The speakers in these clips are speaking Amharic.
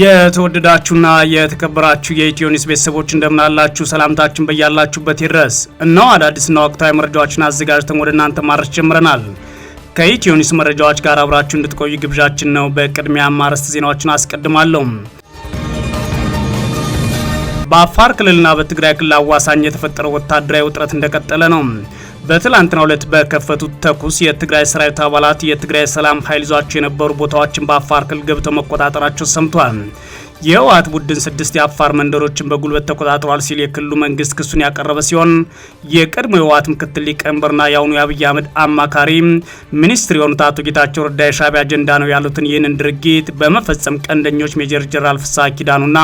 የተወደዳችሁና የተከበራችሁ የኢትዮ ኒውስ ቤተሰቦች እንደምናላችሁ ሰላምታችን በያላችሁበት ይድረስ። እነሆ አዳዲስና ወቅታዊ መረጃዎችን አዘጋጅተን ወደ እናንተ ማድረስ ጀምረናል። ከኢትዮ ኒውስ መረጃዎች ጋር አብራችሁ እንድትቆዩ ግብዣችን ነው። በቅድሚያ አርዕስተ ዜናዎችን አስቀድማለሁ። በአፋር ክልልና በትግራይ ክልል አዋሳኝ የተፈጠረው ወታደራዊ ውጥረት እንደቀጠለ ነው። በትላንትና ዕለት በከፈቱት ተኩስ የትግራይ ሰራዊት አባላት የትግራይ ሰላም ኃይል ይዟቸው የነበሩ ቦታዎችን በአፋር ክልል ገብተው መቆጣጠራቸው ሰምቷል። የህወሓት ቡድን ስድስት የአፋር መንደሮችን በጉልበት ተቆጣጥሯል ሲል የክልሉ መንግስት ክሱን ያቀረበ ሲሆን የቀድሞ የህወሓት ምክትል ሊቀመንበርና የአሁኑ የአብይ አህመድ አማካሪ ሚኒስትር የሆኑት አቶ ጌታቸው ረዳ የሻዕቢያ አጀንዳ ነው ያሉትን ይህንን ድርጊት በመፈጸም ቀንደኞች ሜጀር ጀራል ፍሳ ኪዳኑና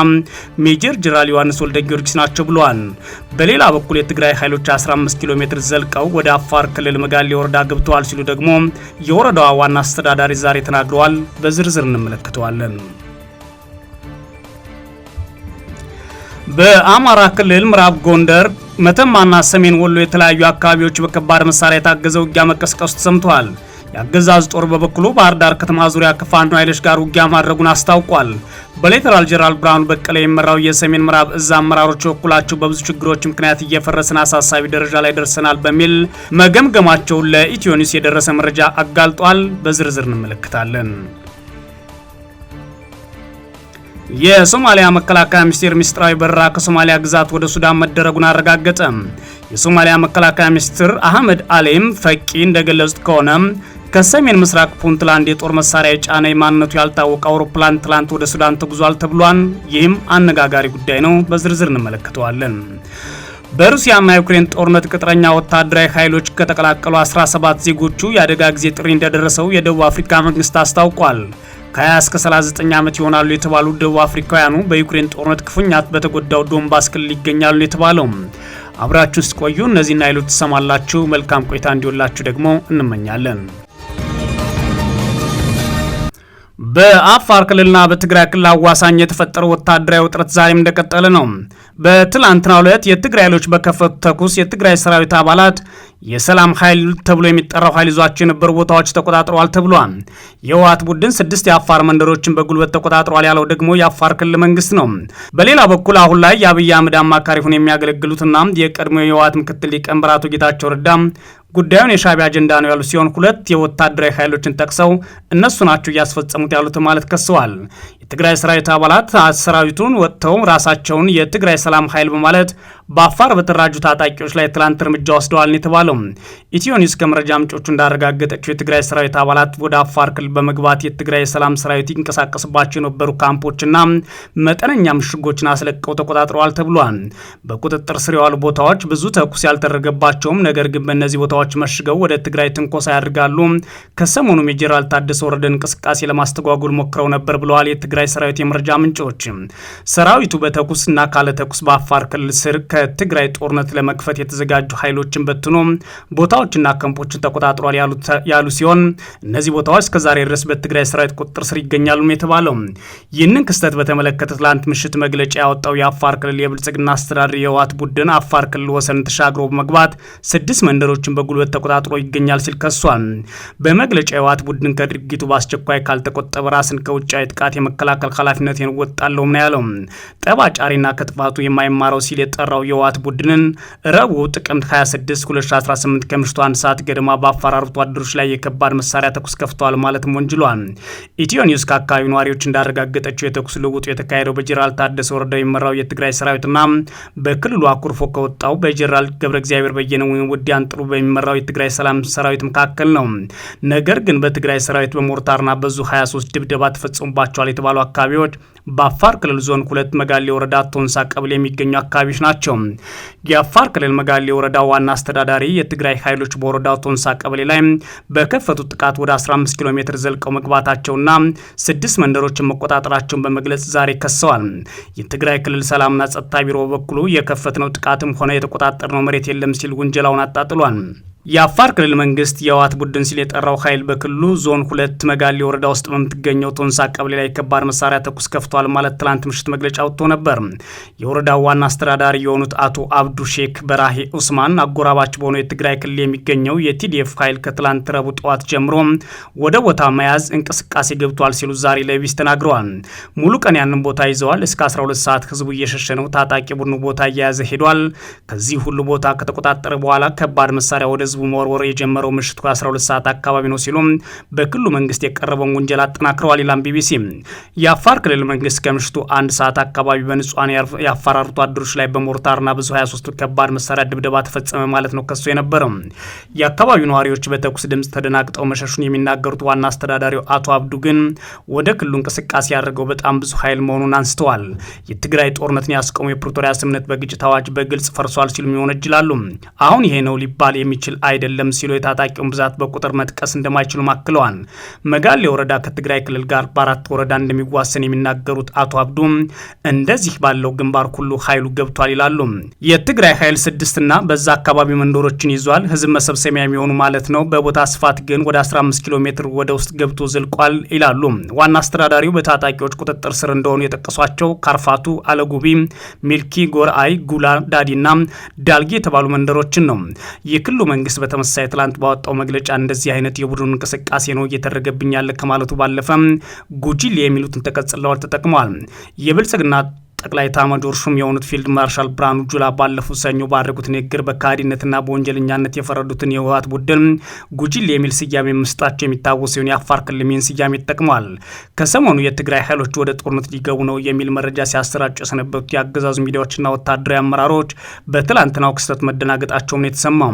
ሜጀር ጀራል ዮሐንስ ወልደ ጊዮርጊስ ናቸው ብለዋል። በሌላ በኩል የትግራይ ኃይሎች 15 ኪሎ ሜትር ዘልቀው ወደ አፋር ክልል መጋሌ ወረዳ ገብተዋል ሲሉ ደግሞ የወረዳዋ ዋና አስተዳዳሪ ዛሬ ተናግረዋል። በዝርዝር እንመለከተዋለን። በአማራ ክልል ምዕራብ ጎንደር መተማና ሰሜን ወሎ የተለያዩ አካባቢዎች በከባድ መሳሪያ የታገዘ ውጊያ መቀስቀሱ ተሰምተዋል። የአገዛዝ ጦር በበኩሉ ባህር ዳር ከተማ ዙሪያ ከፋኖ ኃይሎች ጋር ውጊያ ማድረጉን አስታውቋል። በሌተናል ጄኔራል ብርሃኑ በቀለ የሚመራው የሰሜን ምዕራብ እዝ አመራሮች በኩላቸው በብዙ ችግሮች ምክንያት እየፈረስን አሳሳቢ ደረጃ ላይ ደርሰናል በሚል መገምገማቸውን ለኢትዮኒውስ የደረሰ መረጃ አጋልጧል። በዝርዝር እንመለከታለን። የሶማሊያ መከላከያ ሚኒስቴር ሚስጥራዊ በረራ ከሶማሊያ ግዛት ወደ ሱዳን መደረጉን አረጋገጠ። የሶማሊያ መከላከያ ሚኒስትር አህመድ አሌም ፈቂ እንደገለጹት ከሆነ ከሰሜን ምስራቅ ፑንትላንድ የጦር መሳሪያ የጫነ የማንነቱ ያልታወቀ አውሮፕላን ትላንት ወደ ሱዳን ተጉዟል ተብሏል። ይህም አነጋጋሪ ጉዳይ ነው። በዝርዝር እንመለከተዋለን። በሩሲያና ዩክሬን ጦርነት ቅጥረኛ ወታደራዊ ኃይሎች ከተቀላቀሉ 17 ዜጎቹ የአደጋ ጊዜ ጥሪ እንደደረሰው የደቡብ አፍሪካ መንግስት አስታውቋል። ከ20 እስከ 39 ዓመት ይሆናሉ የተባሉ ደቡብ አፍሪካውያኑ በዩክሬን ጦርነት ክፉኛት በተጎዳው ዶንባስ ክልል ይገኛሉ የተባለው። አብራችሁ ውስጥ እነዚህን እነዚህና ሌሎች ትሰማላችሁ። መልካም ቆይታ እንዲሆንላችሁ ደግሞ እንመኛለን። በአፋር ክልልና በትግራይ ክልል አዋሳኝ የተፈጠረው ወታደራዊ ውጥረት ዛሬም እንደቀጠለ ነው። በትላንትና ዕለት የትግራይ ኃይሎች በከፈቱ ተኩስ የትግራይ ሰራዊት አባላት የሰላም ኃይል ተብሎ የሚጠራው ኃይል ይዟቸው የነበሩ ቦታዎች ተቆጣጥረዋል ተብሏል። የህወሓት ቡድን ስድስት የአፋር መንደሮችን በጉልበት ተቆጣጥሯል ያለው ደግሞ የአፋር ክልል መንግስት ነው። በሌላ በኩል አሁን ላይ የአብይ አህመድ አማካሪ ሆነው የሚያገለግሉትና የቀድሞ የህወሓት ምክትል ሊቀመንበር አቶ ጌታቸው ረዳ ጉዳዩን የሻቢ አጀንዳ ነው ያሉ ሲሆን ሁለት የወታደራዊ ኃይሎችን ጠቅሰው እነሱ ናቸው እያስፈጸሙት ያሉት ማለት ከሰዋል። የትግራይ ሰራዊት አባላት ሰራዊቱን ወጥተው ራሳቸውን የትግራይ ሰላም ኃይል በማለት በአፋር በተራጁ ታጣቂዎች ላይ ትላንት እርምጃ ወስደዋል ነው የተባለው። ኒውስ ከመረጃ ምንጮቹ እንዳረጋገጠችው የትግራይ ሰራዊት አባላት ወደ አፋር ክልል በመግባት የትግራይ ሰላም ሰራዊት ይንቀሳቀስባቸው የነበሩ ካምፖችና መጠነኛ ምሽጎችን አስለቀው ተቆጣጥረዋል ተብሏል። በቁጥጥር ስር የዋሉ ቦታዎች ብዙ ተኩስ ያልተደረገባቸውም፣ ነገር ግን በእነዚህ ቦታዎች መሽገው ወደ ትግራይ ትንኮሳ ያደርጋሉ። ከሰሞኑም የጄኔራል ታደሰ ወረደ እንቅስቃሴ ለማስተጓጎል ሞክረው ነበር ብለዋል። የትግራይ ሰራዊት የመረጃ ምንጮች ሰራዊቱ በተኩስና ካለ ተኩስ በአፋር ክልል ስር ከትግራይ ጦርነት ለመክፈት የተዘጋጁ ኃይሎችን በትኖ ቦታዎችና ከምፖችን ተቆጣጥሯል ያሉ ሲሆን እነዚህ ቦታዎች እስከዛሬ ድረስ በትግራይ ሰራዊት ቁጥጥር ስር ይገኛሉ የተባለው። ይህንን ክስተት በተመለከተ ትላንት ምሽት መግለጫ ያወጣው የአፋር ክልል የብልጽግና አስተዳደር የህወሓት ቡድን አፋር ክልል ወሰን ተሻግሮ በመግባት ስድስት መንደሮችን በጉልበት ተቆጣጥሮ ይገኛል ሲል ከሷል። በመግለጫ የህወሓት ቡድን ከድርጊቱ በአስቸኳይ ካልተቆጠበ ራስን ከውጫዊ ጥቃት የመከላከል የመከላከል ኃላፊነት ወጣለሁም ነው ያለው። ጠብ አጫሪና ከጥፋቱ የማይማረው ሲል የጠራው የህወሓት ቡድንን ረቡዕ ጥቅምት 26 2018 ከምሽቱ አንድ ሰዓት ገደማ በአፋር አርብቶ ላይ የከባድ መሳሪያ ተኩስ ከፍተዋል ማለትም ወንጅሏል። ኢትዮ ኒውስ ከአካባቢው ነዋሪዎች እንዳረጋገጠችው የተኩስ ልውጡ የተካሄደው በጀኔራል ታደሰ ወረዳ የሚመራው የትግራይ ሰራዊትና በክልሉ አኩርፎ ከወጣው በጀኔራል ገብረ እግዚአብሔር በየነ ወይም ውዲ አንጥሩ በሚመራው የትግራይ ሰላም ሰራዊት መካከል ነው። ነገር ግን በትግራይ ሰራዊት በሞርታርና በዙ 23 ድብደባ ተፈጽሞባቸዋል የተባሉ አካባቢዎች በአፋር ክልል ዞን ሁለት መጋሌ ወረዳ ቶንሳ ቀበሌ የሚገኙ አካባቢዎች ናቸው። የአፋር ክልል መጋሌ ወረዳ ዋና አስተዳዳሪ የትግራይ ኃይሎች በወረዳው ቶንሳ ቀበሌ ላይ በከፈቱት ጥቃት ወደ 15 ኪሎ ሜትር ዘልቀው መግባታቸውና ስድስት መንደሮችን መቆጣጠራቸውን በመግለጽ ዛሬ ከሰዋል። የትግራይ ክልል ሰላምና ጸጥታ ቢሮ በበኩሉ የከፈትነው ጥቃትም ሆነ የተቆጣጠርነው መሬት የለም ሲል ውንጀላውን አጣጥሏል። የአፋር ክልል መንግስት የህወሓት ቡድን ሲል የጠራው ኃይል በክልሉ ዞን ሁለት መጋሌ ወረዳ ውስጥ በምትገኘው ቶንሳ ቀበሌ ላይ ከባድ መሳሪያ ተኩስ ከፍቶ ተከስቷል ማለት ትላንት ምሽት መግለጫ ወጥቶ ነበር። የወረዳው ዋና አስተዳዳሪ የሆኑት አቶ አብዱ ሼክ በራሄ ኡስማን አጎራባች በሆነው የትግራይ ክልል የሚገኘው የቲዲኤፍ ኃይል ከትላንት ረቡዕ ጠዋት ጀምሮ ወደ ቦታ መያዝ እንቅስቃሴ ገብቷል ሲሉ ዛሬ ለቢስ ተናግረዋል። ሙሉ ቀን ያንን ቦታ ይዘዋል። እስከ 12 ሰዓት ህዝቡ እየሸሸ ነው። ታጣቂ ቡድኑ ቦታ እየያዘ ሄዷል። ከዚህ ሁሉ ቦታ ከተቆጣጠረ በኋላ ከባድ መሳሪያ ወደ ህዝቡ መወርወር የጀመረው ምሽቱ 12 ሰዓት አካባቢ ነው ሲሉ በክልሉ መንግስት የቀረበውን ውንጀላ አጠናክረዋል። ይላም ቢቢሲ የአፋር ክልል መንግስት መንግስት ከምሽቱ አንድ ሰዓት አካባቢ በንጹሐን የአፋር አደሮች ላይ በሞርታርና ብዙ 23 ከባድ መሳሪያ ድብደባ ተፈጸመ ማለት ነው ከሱ የነበረው። የአካባቢው ነዋሪዎች በተኩስ ድምፅ ተደናግጠው መሸሹን የሚናገሩት ዋና አስተዳዳሪው አቶ አብዱ ግን ወደ ክልሉ እንቅስቃሴ ያደርገው በጣም ብዙ ኃይል መሆኑን አንስተዋል። የትግራይ ጦርነትን ያስቆሙ የፕሪቶሪያ ስምምነት በግጭት አዋጅ በግልጽ ፈርሷል ሲሉም ይወነጅላሉ። አሁን ይሄ ነው ሊባል የሚችል አይደለም ሲሉ የታጣቂውን ብዛት በቁጥር መጥቀስ እንደማይችሉም አክለዋል። መጋሌ ወረዳ ከትግራይ ክልል ጋር በአራት ወረዳ እንደሚዋሰን የሚናገሩ የተናገሩት አቶ አብዱ እንደዚህ ባለው ግንባር ሁሉ ኃይሉ ገብቷል ይላሉ። የትግራይ ኃይል ስድስትና በዛ አካባቢ መንደሮችን ይዟል። ህዝብ መሰብሰቢያ የሚሆኑ ማለት ነው። በቦታ ስፋት ግን ወደ 15 ኪሎ ሜትር ወደ ውስጥ ገብቶ ዘልቋል ይላሉ። ዋና አስተዳዳሪው በታጣቂዎች ቁጥጥር ስር እንደሆኑ የጠቀሷቸው ካርፋቱ፣ አለጉቢ፣ ሚልኪ፣ ጎርአይ፣ ጉላ ዳዲና ዳልጌ የተባሉ መንደሮችን ነው። የክልሉ መንግስት በተመሳሳይ ትላንት ባወጣው መግለጫ እንደዚህ አይነት የቡድኑ እንቅስቃሴ ነው እየተደረገብኛለ ከማለቱ ባለፈ ጉጂል የሚሉትን ተቀጽለዋል ተጠቅመዋል። የብልጽግና ጠቅላይ ኤታማዦር ሹም የሆኑት ፊልድ ማርሻል ብርሃኑ ጁላ ባለፉት ሰኞ ባደረጉት ንግግር በካሃዲነትና በወንጀለኛነት የፈረዱትን የህወሓት ቡድን ጉጂል የሚል ስያሜ መስጣቸው የሚታወስ ሲሆን የአፋር ክልል ስያሜ ተጠቅመዋል። ከሰሞኑ የትግራይ ኃይሎች ወደ ጦርነት ሊገቡ ነው የሚል መረጃ ሲያሰራጩ የሰነበቱት የአገዛዙ ሚዲያዎችና ወታደራዊ አመራሮች በትላንትናው ክስተት መደናገጣቸው ነው የተሰማው።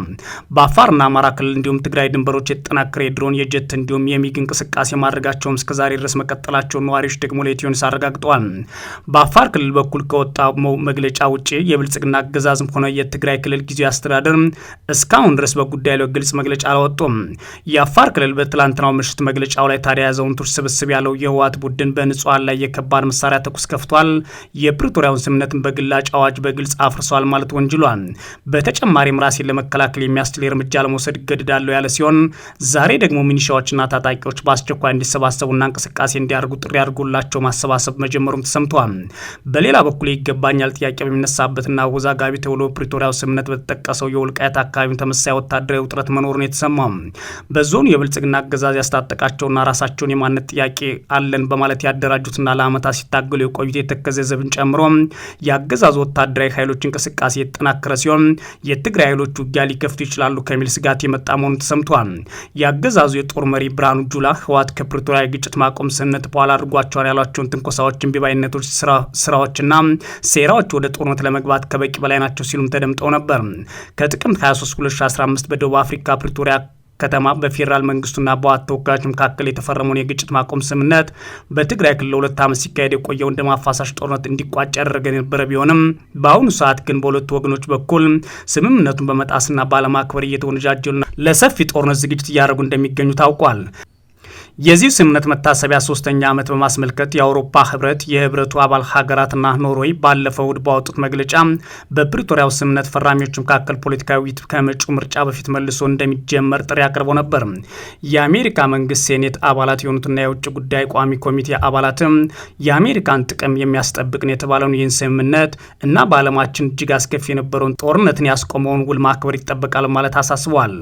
በአፋርና አማራ ክልል እንዲሁም ትግራይ ድንበሮች የተጠናከረ የድሮን የጀት እንዲሁም የሚግ እንቅስቃሴ ማድረጋቸውም እስከዛሬ ድረስ መቀጠላቸውን ነዋሪዎች ደግሞ ለኢትዮንስ አረጋግጠዋል። በአፋር ክልል በኩል ከወጣው መግለጫ ውጭ የብልጽግና አገዛዝም ሆነ የትግራይ ክልል ጊዜያዊ አስተዳደር እስካሁን ድረስ በጉዳይ ላይ ግልጽ መግለጫ አላወጡም። የአፋር ክልል በትላንትናው ምሽት መግለጫው ላይ ታዲያ ቱር ስብስብ ያለው የህወሓት ቡድን በንጹሐን ላይ የከባድ መሳሪያ ተኩስ ከፍቷል፣ የፕሪቶሪያውን ስምምነትን በግላጭ አዋጅ በግልጽ አፍርሷል ማለት ወንጅሏል። በተጨማሪም ራሴን ለመከላከል የሚያስችል እርምጃ ለመውሰድ እገድዳለሁ ያለ ሲሆን ዛሬ ደግሞ ሚኒሻዎችና ታጣቂዎች በአስቸኳይ እንዲሰባሰቡና እንቅስቃሴ እንዲያደርጉ ጥሪ አድርጎላቸው ማሰባሰብ መጀመሩም ተሰምተዋል። በሌላ በኩል ይገባኛል ጥያቄ በሚነሳበትና አወዛጋቢ ተብሎ ፕሪቶሪያው ስምምነት በተጠቀሰው የወልቃየት አካባቢ ተመሳሳይ ወታደራዊ ውጥረት መኖሩን የተሰማው በዞኑ የብልጽግና አገዛዝ ያስታጠቃቸውና ራሳቸውን የማንነት ጥያቄ አለን በማለት ያደራጁትና ለአመታት ሲታገሉ የቆዩት የተከዘ ዘብን ጨምሮ የአገዛዙ ወታደራዊ ኃይሎች እንቅስቃሴ የተጠናከረ ሲሆን የትግራይ ኃይሎች ውጊያ ሊከፍቱ ይችላሉ ከሚል ስጋት የመጣ መሆኑ ተሰምቷል። የአገዛዙ የጦር መሪ ብርሃኑ ጁላ ህወሓት ከፕሪቶሪያ የግጭት ማቆም ስምምነት በኋላ አድርጓቸዋል ያሏቸውን ትንኮሳዎችን ቢባይነቶች ስራዎች ሙከራዎችና ሴራዎች ወደ ጦርነት ለመግባት ከበቂ በላይ ናቸው ሲሉም ተደምጠው ነበር። ከጥቅምት 23 2015 በደቡብ አፍሪካ ፕሪቶሪያ ከተማ በፌዴራል መንግስቱና በዋት ተወካዮች መካከል የተፈረመውን የግጭት ማቆም ስምምነት በትግራይ ክልል ለሁለት ዓመት ሲካሄድ የቆየው እንደ ማፋሳሽ ጦርነት እንዲቋጭ ያደረገ የነበረ ቢሆንም በአሁኑ ሰዓት ግን በሁለቱ ወገኖች በኩል ስምምነቱን በመጣስና ባለማክበር እየተወነጃጀሉ ለሰፊ ጦርነት ዝግጅት እያደረጉ እንደሚገኙ ታውቋል። የዚህ ስምምነት መታሰቢያ ሶስተኛ ዓመት በማስመልከት የአውሮፓ ህብረት የህብረቱ አባል ሀገራትና ኖርዌይ ባለፈው እሁድ ባወጡት መግለጫ በፕሪቶሪያው ስምምነት ፈራሚዎች መካከል ፖለቲካዊ ውይይት ከመጪው ምርጫ በፊት መልሶ እንደሚጀመር ጥሪ አቅርበው ነበር። የአሜሪካ መንግስት ሴኔት አባላት የሆኑትና የውጭ ጉዳይ ቋሚ ኮሚቴ አባላትም የአሜሪካን ጥቅም የሚያስጠብቅን የተባለውን ይህን ስምምነት እና በዓለማችን እጅግ አስከፊ የነበረውን ጦርነትን ያስቆመውን ውል ማክበር ይጠበቃል ማለት አሳስቧል።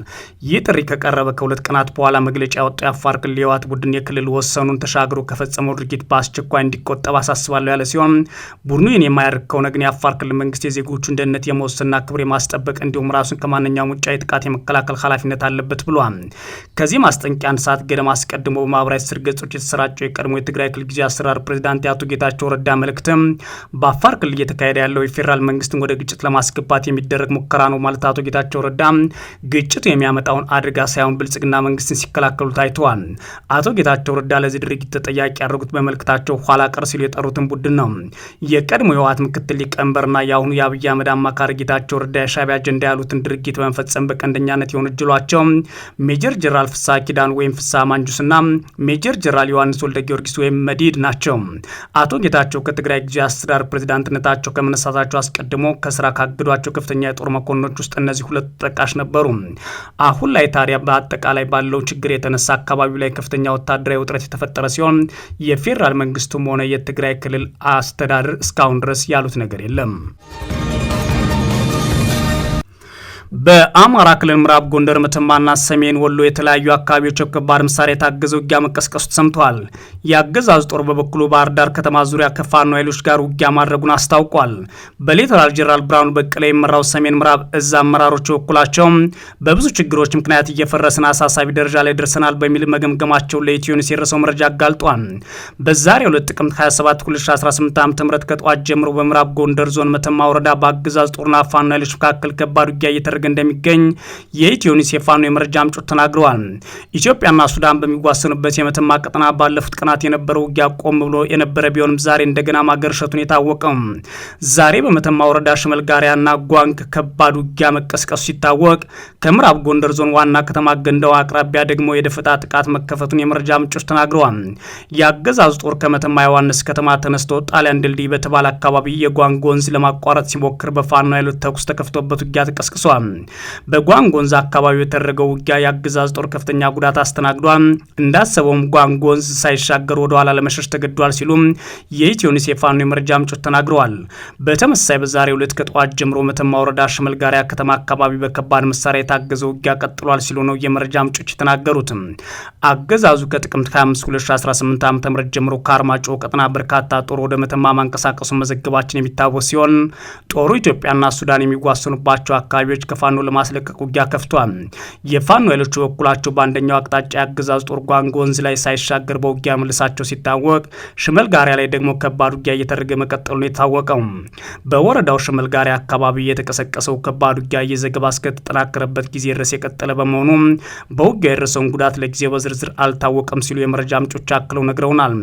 ይህ ጥሪ ከቀረበ ከሁለት ቀናት በኋላ መግለጫ ያወጣው የአፋር ክልል የህወሓት ቡድን የክልል ወሰኑን ተሻግሮ ከፈጸመው ድርጊት በአስቸኳይ እንዲቆጠብ አሳስባለሁ ያለ ሲሆን ቡድኑ ይህን የማያደርግ ከሆነ ግን የአፋር ክልል መንግስት የዜጎቹን ደህንነት የመወሰንና ክብር የማስጠበቅ እንዲሁም ራሱን ከማንኛውም ውጫ የጥቃት የመከላከል ኃላፊነት አለበት ብሏል። ከዚህ ማስጠንቂያ አንድ ሰዓት ገደማ አስቀድሞ በማህበራዊ ስር ገጾች የተሰራጨው የቀድሞ የትግራይ ክልል ጊዜ አሰራር ፕሬዚዳንት የአቶ ጌታቸው ረዳ መልክት በአፋር ክልል እየተካሄደ ያለው የፌዴራል መንግስትን ወደ ግጭት ለማስገባት የሚደረግ ሙከራ ነው ማለት አቶ ጌታቸው ረዳ ግጭቱ የሚያመጣውን አደጋ ሳይሆን ብልጽግና መንግስትን ሲከላከሉ ታይተዋል። አቶ ጌታቸው ረዳ ለዚህ ድርጊት ተጠያቂ ያደረጉት በመልእክታቸው ኋላ ቀር ሲሉ የጠሩትን ቡድን ነው። የቀድሞ የህወሓት ምክትል ሊቀመንበርና የአሁኑ የአብይ አህመድ አማካሪ ጌታቸው ረዳ የሻዕቢያ አጀንዳ ያሉትን ድርጊት በመፈጸም በቀንደኛነት የወነጀሏቸው ሜጀር ጀነራል ፍሳ ኪዳን ወይም ፍስሐ ማንጁስና ሜጀር ጀነራል ዮሐንስ ወልደ ጊዮርጊስ ወይም መዲድ ናቸው። አቶ ጌታቸው ከትግራይ ጊዜያዊ አስተዳደር ፕሬዚዳንትነታቸው ከመነሳታቸው አስቀድሞ ከስራ ካገዷቸው ከፍተኛ የጦር መኮንኖች ውስጥ እነዚህ ሁለት ተጠቃሽ ነበሩ። አሁን ላይ ታዲያ በአጠቃላይ ባለው ችግር የተነሳ አካባቢው ላይ ከፍተኛ ከፍተኛ ወታደራዊ ውጥረት የተፈጠረ ሲሆን የፌዴራል መንግስቱም ሆነ የትግራይ ክልል አስተዳደር እስካሁን ድረስ ያሉት ነገር የለም። በአማራ ክልል ምዕራብ ጎንደር፣ መተማና ሰሜን ወሎ የተለያዩ አካባቢዎች በከባድ መሳሪያ የታገዘ ውጊያ መቀስቀሱ ተሰምተዋል። የአገዛዙ ጦር በበኩሉ ባህር ዳር ከተማ ዙሪያ ከፋኖ ኃይሎች ጋር ውጊያ ማድረጉን አስታውቋል። በሌተናል ጄኔራል ብርሃኑ በቀለ የመራው ሰሜን ምዕራብ እዝ አመራሮች በበኩላቸው በብዙ ችግሮች ምክንያት እየፈረስን አሳሳቢ ደረጃ ላይ ደርሰናል በሚል መገምገማቸውን ለኢትዮ ኒውስ የደረሰው መረጃ አጋልጧል። በዛሬ ሁለት ጥቅምት 27 2018 ዓ ም ከጠዋት ጀምሮ በምዕራብ ጎንደር ዞን መተማ ወረዳ በአገዛዝ ጦርና ፋኖ ኃይሎች መካከል ከባድ ውጊያ እየተደረገ እያደረገ እንደሚገኝ የኢትዮ ኒውስ የፋኖ የመረጃ ምንጮች ተናግረዋል። ኢትዮጵያና ሱዳን በሚዋሰኑበት የመተማ ቀጠና ባለፉት ቀናት የነበረው ውጊያ ቆም ብሎ የነበረ ቢሆንም ዛሬ እንደገና ማገርሸቱን የታወቀው ዛሬ በመተማ ወረዳ ሽመልጋሪያና ጓንግ ከባድ ውጊያ መቀስቀሱ ሲታወቅ ከምዕራብ ጎንደር ዞን ዋና ከተማ ገንዳው አቅራቢያ ደግሞ የደፈጣ ጥቃት መከፈቱን የመረጃ ምንጮች ተናግረዋል። የአገዛዙ ጦር ከመተማ ዮሐንስ ከተማ ተነስቶ ጣሊያን ድልድይ በተባለ አካባቢ የጓንግ ወንዝ ለማቋረጥ ሲሞክር በፋኖ ኃይሎች ተኩስ ተከፍቶበት ውጊያ ተቀስቅሷል። በጓንጎንዝ አካባቢው የተደረገው ውጊያ የአገዛዝ ጦር ከፍተኛ ጉዳት አስተናግዷል። እንዳሰበውም ጓንጎንዝ ሳይሻገር ወደ ኋላ ለመሸሽ ተገዷል ሲሉም የኢትዮኒስ የፋኖ የመረጃ ምንጮች ተናግረዋል። በተመሳይ በዛሬ ሁለት ከጠዋት ጀምሮ መተማ ወረዳ ሽመልጋሪያ ከተማ አካባቢ በከባድ መሳሪያ የታገዘ ውጊያ ቀጥሏል ሲሉ ነው የመረጃ ምንጮች የተናገሩት። አገዛዙ ከጥቅምት 25 2018 ዓ ም ጀምሮ ከአርማጮ ቀጠና በርካታ ጦር ወደ መተማ ማንቀሳቀሱን መዘገባችን የሚታወስ ሲሆን ጦሩ ኢትዮጵያና ሱዳን የሚዋሰኑባቸው አካባቢዎች ፋኖ ለማስለቀቅ ውጊያ ከፍቷል። የፋኖ ኃይሎች በበኩላቸው በአንደኛው አቅጣጫ የአገዛዝ ጦር ጓንግ ወንዝ ላይ ሳይሻገር በውጊያ መልሳቸው ሲታወቅ፣ ሽመል ጋሪያ ላይ ደግሞ ከባድ ውጊያ እየተደረገ መቀጠሉ ነው የታወቀው። በወረዳው ሽመል ጋሪያ አካባቢ የተቀሰቀሰው ከባድ ውጊያ የዘገባ እስከተጠናከረበት ጊዜ ድረስ የቀጠለ በመሆኑ በውጊያ የደረሰውን ጉዳት ለጊዜው በዝርዝር አልታወቀም ሲሉ የመረጃ ምንጮች አክለው ነግረውናል።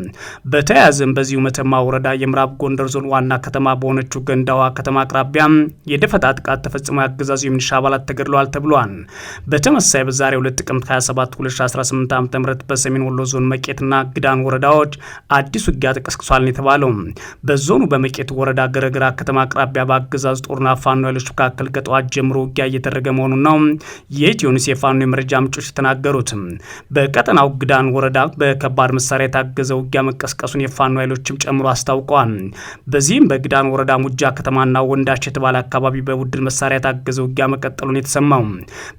በተያያዘም በዚሁ መተማ ወረዳ የምዕራብ ጎንደር ዞን ዋና ከተማ በሆነችው ገንዳዋ ከተማ አቅራቢያ የደፈጣ ጥቃት ተፈጽሞ ያገዛዙ የሚኒ የሚሊሻ አባላት ተገድለዋል ተብሏል። በተመሳይ በዛሬ 2 ጥቅምት 27 2018 ዓ ም በሰሜን ወሎ ዞን መቄትና ግዳን ወረዳዎች አዲስ ውጊያ ተቀስቅሷል የተባለው በዞኑ በመቄት ወረዳ ገረግራ ከተማ አቅራቢያ በአገዛዝ ጦርና ፋኖ ኃይሎች መካከል ከጠዋት ጀምሮ ውጊያ እየተደረገ መሆኑን ነው የኢትዮኒስ የፋኖ የመረጃ ምንጮች የተናገሩት። በቀጠናው ግዳን ወረዳ በከባድ መሳሪያ የታገዘ ውጊያ መቀስቀሱን የፋኖ ኃይሎችም ጨምሮ አስታውቀዋል። በዚህም በግዳን ወረዳ ሙጃ ከተማና ወንዳች የተባለ አካባቢ በቡድን መሳሪያ የታገዘ ውጊያ መቀጠሉን የተሰማው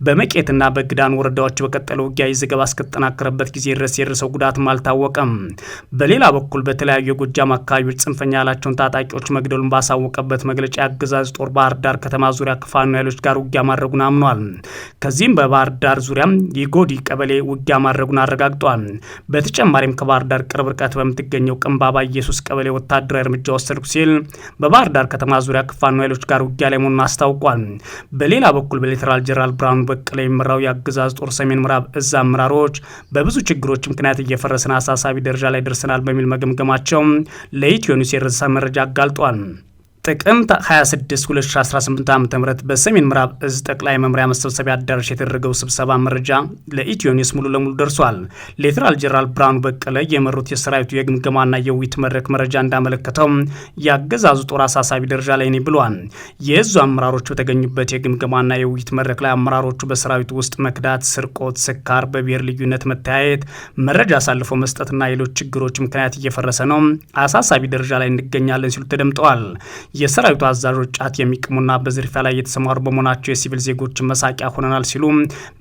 በመቄትና በግዳን ወረዳዎች በቀጠለ ውጊያ ዘገባ እስከተጠናከረበት ጊዜ ድረስ የደረሰው ጉዳትም አልታወቀም። በሌላ በኩል በተለያዩ የጎጃም አካባቢዎች ጽንፈኛ ያላቸውን ታጣቂዎች መግደሉን ባሳወቀበት መግለጫ የአገዛዝ ጦር ባህር ዳር ከተማ ዙሪያ ከፋኖ ኃይሎች ጋር ውጊያ ማድረጉን አምኗል። ከዚህም በባህር ዳር ዙሪያ የጎዲ ቀበሌ ውጊያ ማድረጉን አረጋግጧል። በተጨማሪም ከባህር ዳር ቅርብ ርቀት በምትገኘው ቅንባባ ኢየሱስ ቀበሌ ወታደራዊ እርምጃ ወሰድኩ ሲል በባህር ዳር ከተማ ዙሪያ ከፋኖ ኃይሎች ጋር ውጊያ ላይ መሆኑን አስታውቋል። በሌላ በኩል በሌተናል ጀራል ብርሃኑ በቀለ የሚመራው የአገዛዝ ጦር ሰሜን ምዕራብ እዝ አመራሮች በብዙ ችግሮች ምክንያት እየፈረስን አሳሳቢ ደረጃ ላይ ደርሰናል በሚል መገምገማቸው ለኢትዮ ኒውስ መረጃ አጋልጧል። ጥቅምት 26 2018 ዓ ም በሰሜን ምዕራብ እዝ ጠቅላይ መምሪያ መሰብሰቢያ አዳራሽ የተደረገው ስብሰባ መረጃ ለኢትዮ ኒውስ ሙሉ ለሙሉ ደርሷል። ሌተናል ጄኔራል ብርሃኑ በቀለ የመሩት የሰራዊቱ የግምገማና የውይይት መድረክ መረጃ እንዳመለከተው የአገዛዙ ጦር አሳሳቢ ደረጃ ላይ ነው ብሏል። የእዙ አመራሮች በተገኙበት የግምገማና የውይይት መድረክ ላይ አመራሮቹ በሰራዊቱ ውስጥ መክዳት፣ ስርቆት፣ ስካር፣ በብሔር ልዩነት መተያየት፣ መረጃ አሳልፎ መስጠትና ሌሎች ችግሮች ምክንያት እየፈረሰ ነው፣ አሳሳቢ ደረጃ ላይ እንገኛለን ሲሉ ተደምጠዋል። የሰራዊቱ አዛዦች ጫት የሚቅሙና በዝርፊያ ላይ የተሰማሩ በመሆናቸው የሲቪል ዜጎችን መሳቂያ ሆነናል ሲሉ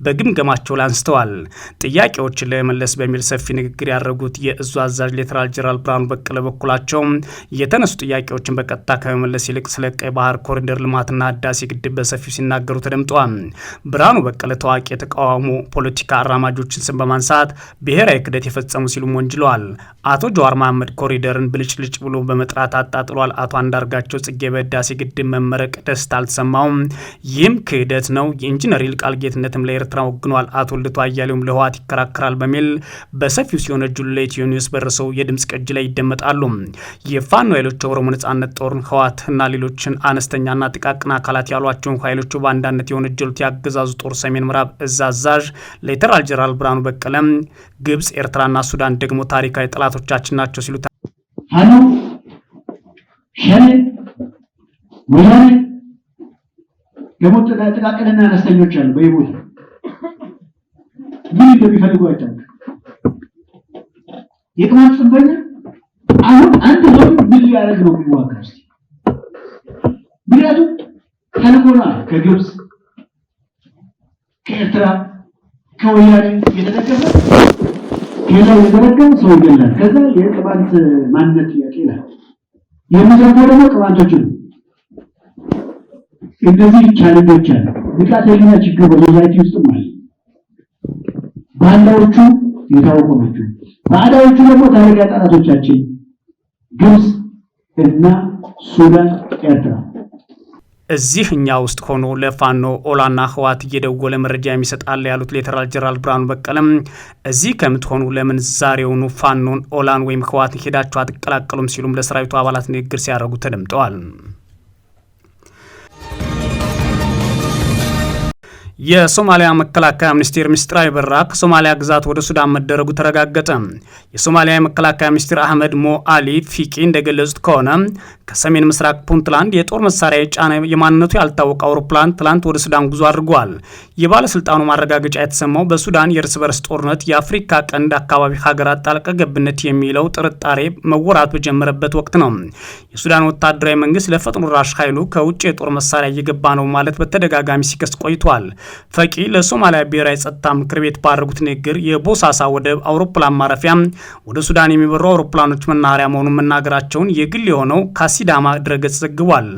በግምገማቸው ላይ አንስተዋል። ጥያቄዎችን ለመመለስ በሚል ሰፊ ንግግር ያደረጉት የእዙ አዛዥ ሌተናል ጄኔራል ብርሃኑ በቀለ በኩላቸው የተነሱ ጥያቄዎችን በቀጥታ ከመመለስ ይልቅ ስለ ቀይ ባህር ኮሪደር ልማትና ህዳሴ ግድብ በሰፊው ሲናገሩ ተደምጠዋል። ብርሃኑ በቀለ ታዋቂ የተቃዋሙ ፖለቲካ አራማጆችን ስም በማንሳት ብሔራዊ ክደት የፈጸሙ ሲሉም ወንጅለዋል። አቶ ጀዋር መሐመድ ኮሪደርን ብልጭልጭ ብሎ በመጥራት አጣጥሏል። አቶ አንዳርጋቸው የጽጌ በህዳሴ ግድብ መመረቅ ደስታ አልተሰማውም። ይህም ክህደት ነው። የኢንጂነር ይልቃል ጌትነትም ለኤርትራ ወግኗል። አቶ ልደቱ አያሌውም ለህወሓት ይከራከራል በሚል በሰፊው ሲሆነ ጁሉ ለኢትዮ ኒውስ በደረሰው የድምፅ ቅጅ ላይ ይደመጣሉ። የፋኖ ኃይሎች ኦሮሞ ነጻነት ጦርን፣ ህወሓትና ሌሎችን አነስተኛና ጥቃቅን አካላት ያሏቸውን ኃይሎቹ በአንዳነት የወነጀሉት ያገዛዙ ጦር ሰሜን ምዕራብ እዝ አዛዥ ሌተናል ጀነራል ብርሃኑ በቀለም ግብጽ፣ ኤርትራና ሱዳን ደግሞ ታሪካዊ ጠላቶቻችን ናቸው ሲሉ ምን ደግሞ ጥቃቅንና አነስተኞች አሉ በየቦታ ምን እንደሚፈልጉ አይታወቅም። የቅማንት ጽንፈኛ አሁን አንድ ሰው ምን ሊያደርግ ነው የሚዋጋ? ምክንያቱም ተልኮና ከግብፅ ከኤርትራ ከወያኔ የተደገፈ ሌላው የተደገፈ ሰው ይገላል። ከዛ የቅማንት ማንነት ጥያቄ ይላል። የሚዘርፈው ደግሞ ቅማንቶችን እንደዚህ ቻለንጆች አሉ። ንቃተ ህሊና ችግር በሶሳይቲ ውስጥ ማለት ባላዎቹ የታወቁ ናቸው። ባዕዳዎቹ ደግሞ ታሪካዊ ጠላቶቻችን ግብፅ እና ሱዳን፣ ኤርትራ እዚህ እኛ ውስጥ ሆኖ ለፋኖ ኦላና ህዋት እየደወለ መረጃ የሚሰጣል ያሉት ሌተራል ጀራል ብርሃኑ በቀለም እዚህ ከምትሆኑ ለምን ዛሬውኑ ፋኖን ኦላን ወይም ህዋትን ሄዳችሁ አትቀላቀሉም? ሲሉም ለሰራዊቱ አባላት ንግግር ሲያደርጉ ተደምጠዋል። የሶማሊያ መከላከያ ሚኒስቴር ምስጢራዊ በረራ ከሶማሊያ ግዛት ወደ ሱዳን መደረጉ ተረጋገጠ። የሶማሊያ የመከላከያ ሚኒስትር አህመድ ሞ አሊ ፊቂ እንደገለጹት ከሆነ ከሰሜን ምስራቅ ፑንትላንድ የጦር መሳሪያ የጫነ የማንነቱ ያልታወቀ አውሮፕላን ትላንት ወደ ሱዳን ጉዞ አድርጓል። የባለስልጣኑ ማረጋገጫ የተሰማው በሱዳን የእርስ በርስ ጦርነት የአፍሪካ ቀንድ አካባቢ ሀገራት ጣልቃ ገብነት የሚለው ጥርጣሬ መወራት በጀመረበት ወቅት ነው። የሱዳን ወታደራዊ መንግስት ለፈጥኖ ራሽ ኃይሉ ከውጭ የጦር መሳሪያ እየገባ ነው ማለት በተደጋጋሚ ሲከስ ቆይቷል። ፈቂ ለሶማሊያ ብሔራዊ ጸጥታ ምክር ቤት ባደረጉት ንግግር የቦሳሳ ወደብ አውሮፕላን ማረፊያ ወደ ሱዳን የሚበሩ አውሮፕላኖች መናኸሪያ መሆኑን መናገራቸውን የግል የሆነው ካሲዳማ ድረገጽ ዘግቧል።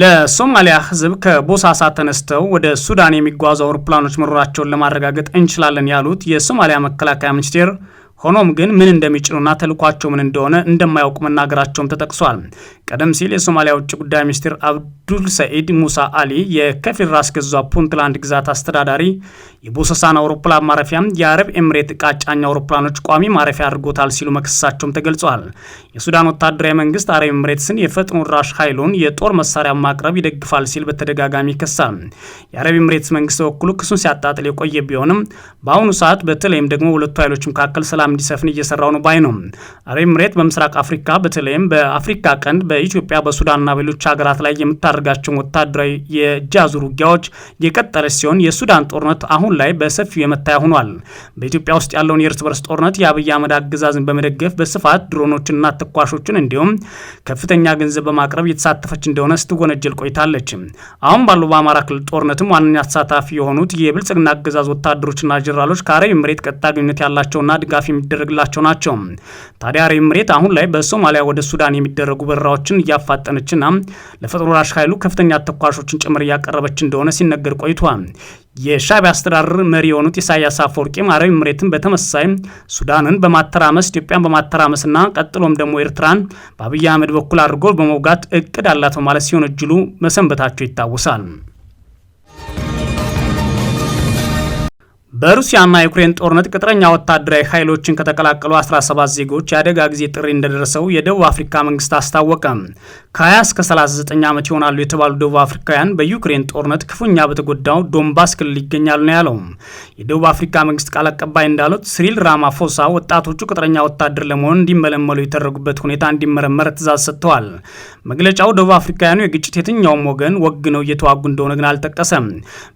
ለሶማሊያ ሕዝብ ከቦሳሳ ተነስተው ወደ ሱዳን የሚጓዙ አውሮፕላኖች መኖራቸውን ለማረጋገጥ እንችላለን ያሉት የሶማሊያ መከላከያ ሚኒስቴር ሆኖም ግን ምን እንደሚጭኑና ተልኳቸው ምን እንደሆነ እንደማያውቁ መናገራቸውም ተጠቅሷል። ቀደም ሲል የሶማሊያ ውጭ ጉዳይ ሚኒስትር አብዱል ሰኢድ ሙሳ አሊ የከፊል ራስ ገዟ ፑንትላንድ ግዛት አስተዳዳሪ የቦሰሳን አውሮፕላን ማረፊያም የአረብ ኤምሬት ዕቃ ጫኝ አውሮፕላኖች ቋሚ ማረፊያ አድርጎታል ሲሉ መክሰሳቸውም ተገልጿል። የሱዳን ወታደራዊ መንግስት አረብ ኤምሬትስን የፈጥኖ ድራሽ ኃይሉን የጦር መሳሪያ ማቅረብ ይደግፋል ሲል በተደጋጋሚ ይከሳል። የአረብ ኤምሬትስ መንግስት በበኩሉ ክሱን ሲያጣጥል የቆየ ቢሆንም በአሁኑ ሰዓት በተለይም ደግሞ ሁለቱ ኃይሎች መካከል ሰላም እንዲሰፍን እየሰራው ነው ባይ ነው። አረብ በምስራቅ አፍሪካ በተለይም በአፍሪካ ቀንድ በኢትዮጵያ በሱዳንና በሌሎች ሀገራት ላይ የምታደርጋቸውን ወታደራዊ የጃዙር ውጊያዎች የቀጠለች ሲሆን የሱዳን ጦርነት አሁን ላይ በሰፊው የመታያ ሆኗል። በኢትዮጵያ ውስጥ ያለውን የእርስ በርስ ጦርነት የአብይ አህመድ አገዛዝን በመደገፍ በስፋት ድሮኖችንና ተኳሾችን እንዲሁም ከፍተኛ ገንዘብ በማቅረብ የተሳተፈች እንደሆነ ስትወነጀል ቆይታለች። አሁን ባለው በአማራ ክልል ጦርነትም ዋነኛ ተሳታፊ የሆኑት የብልጽግና አገዛዝ ወታደሮችና ጀኔራሎች ከአረብ ኤምሬት ቀጥታ ግንኙነት ያላቸውና ድጋፍ የሚደረግላቸው ናቸው። ታዲያ አረብ ኤምሬት አሁን ላይ በሶማሊያ ወደ ሱዳን የሚደረጉ በረራዎችን እያፋጠነችና ለፈጥኖ ደራሽ ኃይሉ ከፍተኛ ተኳሾችን ጭምር እያቀረበች እንደሆነ ሲነገር ቆይቷል። የሻቢ አስተዳደር መሪ የሆኑት ኢሳያስ አፈወርቂም አረብ ኤምሬትን በተመሳይ ሱዳንን በማተራመስ ኢትዮጵያን በማተራመስና ቀጥሎም ደግሞ ኤርትራን በአብይ አህመድ በኩል አድርጎ በመውጋት እቅድ አላት በማለት ሲሆን እጅሉ መሰንበታቸው ይታወሳል። በሩሲያና ዩክሬን ጦርነት ቅጥረኛ ወታደራዊ ኃይሎችን ከተቀላቀሉ 17 ዜጎች የአደጋ ጊዜ ጥሪ እንደደረሰው የደቡብ አፍሪካ መንግስት አስታወቀ። ከ20 እስከ 39 ዓመት ይሆናሉ የተባሉ ደቡብ አፍሪካውያን በዩክሬን ጦርነት ክፉኛ በተጎዳው ዶንባስ ክልል ይገኛሉ ነው ያለው። የደቡብ አፍሪካ መንግስት ቃል አቀባይ እንዳሉት ስሪል ራማፎሳ ወጣቶቹ ቅጥረኛ ወታደር ለመሆን እንዲመለመሉ የተደረጉበት ሁኔታ እንዲመረመር ትእዛዝ ሰጥተዋል። መግለጫው ደቡብ አፍሪካውያኑ የግጭት የትኛውም ወገን ወግነው እየተዋጉ እንደሆነ ግን አልጠቀሰም።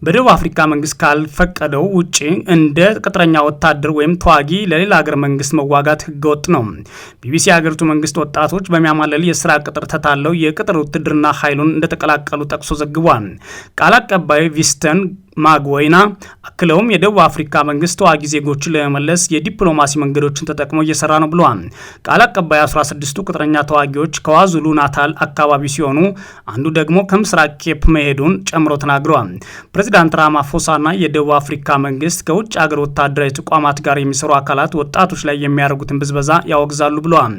በደቡብ አፍሪካ መንግስት ካልፈቀደው ውጭ እንደ ቅጥረኛ ወታደር ወይም ተዋጊ ለሌላ ሀገር መንግስት መዋጋት ህገወጥ ነው። ቢቢሲ የሀገሪቱ መንግስት ወጣቶች በሚያማለል የስራ ቅጥር ተታለው የቅጥር ውትድርና ኃይሉን እንደተቀላቀሉ ጠቅሶ ዘግቧል። ቃል አቀባዩ ቪስተን ማግወይና አክለውም የደቡብ አፍሪካ መንግስት ተዋጊ ዜጎችን ለመመለስ የዲፕሎማሲ መንገዶችን ተጠቅሞ እየሰራ ነው ብለዋል። ቃል አቀባይ 16ቱ ቅጥረኛ ተዋጊዎች ከዋዙሉ ናታል አካባቢ ሲሆኑ አንዱ ደግሞ ከምስራቅ ኬፕ መሄዱን ጨምሮ ተናግረዋል። ፕሬዚዳንት ራማፎሳና የደቡብ አፍሪካ መንግስት ከውጭ አገር ወታደራዊ ተቋማት ጋር የሚሰሩ አካላት ወጣቶች ላይ የሚያደርጉትን ብዝበዛ ያወግዛሉ ብለዋል።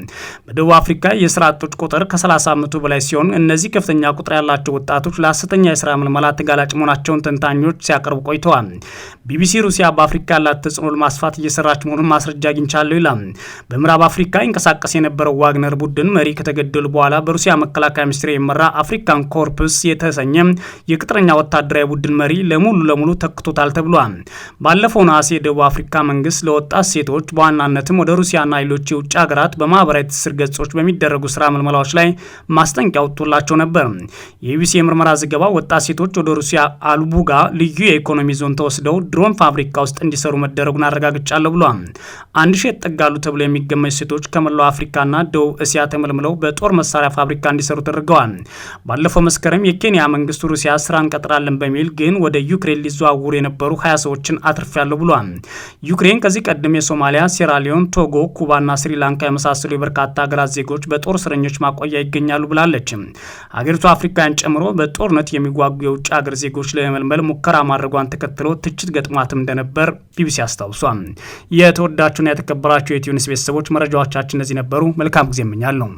በደቡብ አፍሪካ የስራ አጦች ቁጥር ከ30 ዓመቱ በላይ ሲሆን እነዚህ ከፍተኛ ቁጥር ያላቸው ወጣቶች ለአስተኛ የስራ ምልመላ ተጋላጭ መሆናቸውን ተንታኞች ሲያቀርቡ ቆይተዋል። ቢቢሲ ሩሲያ በአፍሪካ ያላት ተጽዕኖ ለማስፋት እየሰራች መሆኑን ማስረጃ አግኝቻለሁ ይላል። በምዕራብ አፍሪካ ይንቀሳቀስ የነበረው ዋግነር ቡድን መሪ ከተገደሉ በኋላ በሩሲያ መከላከያ ሚኒስቴር የመራ አፍሪካን ኮርፕስ የተሰኘ የቅጥረኛ ወታደራዊ ቡድን መሪ ለሙሉ ለሙሉ ተክቶታል ተብሏል። ባለፈው ነሐሴ የደቡብ አፍሪካ መንግስት ለወጣት ሴቶች በዋናነትም ወደ ሩሲያና ሌሎች የውጭ ሀገራት በማህበራዊ ትስስር ገጾች በሚደረጉ ስራ ምልመላዎች ላይ ማስጠንቂያ ወጥቶላቸው ነበር። የቢቢሲ የምርመራ ዘገባ ወጣት ሴቶች ወደ ሩሲያ አልቡጋ ልዩ ልዩ የኢኮኖሚ ዞን ተወስደው ድሮን ፋብሪካ ውስጥ እንዲሰሩ መደረጉን አረጋግጫለሁ ብሏል። አንድ ሺህ የተጠጋሉ ተብሎ የሚገመቱ ሴቶች ከመላው አፍሪካና ደቡብ እስያ ተመልምለው በጦር መሳሪያ ፋብሪካ እንዲሰሩ ተደርገዋል። ባለፈው መስከረም የኬንያ መንግስት ሩሲያ ስራ እንቀጥራለን በሚል ግን ወደ ዩክሬን ሊዘዋውሩ የነበሩ ሀያ ሰዎችን አትርፌያለሁ ብሏል። ዩክሬን ከዚህ ቀደም የሶማሊያ፣ ሴራሊዮን፣ ቶጎ፣ ኩባና ስሪላንካ የመሳሰሉ የበርካታ ሀገራት ዜጎች በጦር እስረኞች ማቆያ ይገኛሉ ብላለች። ሀገሪቱ አፍሪካያን ጨምሮ በጦርነት የሚጓጉ የውጭ ሀገር ዜጎች ለመመልመል ሙከራ ማድረጓን ተከትሎ ትችት ገጥሟትም እንደነበር ቢቢሲ አስታውሷል። የተወዳችሁና የተከበራችሁ የኢትዮ ኒውስ ቤተሰቦች መረጃዎቻችን እነዚህ ነበሩ። መልካም ጊዜ እመኛለሁ።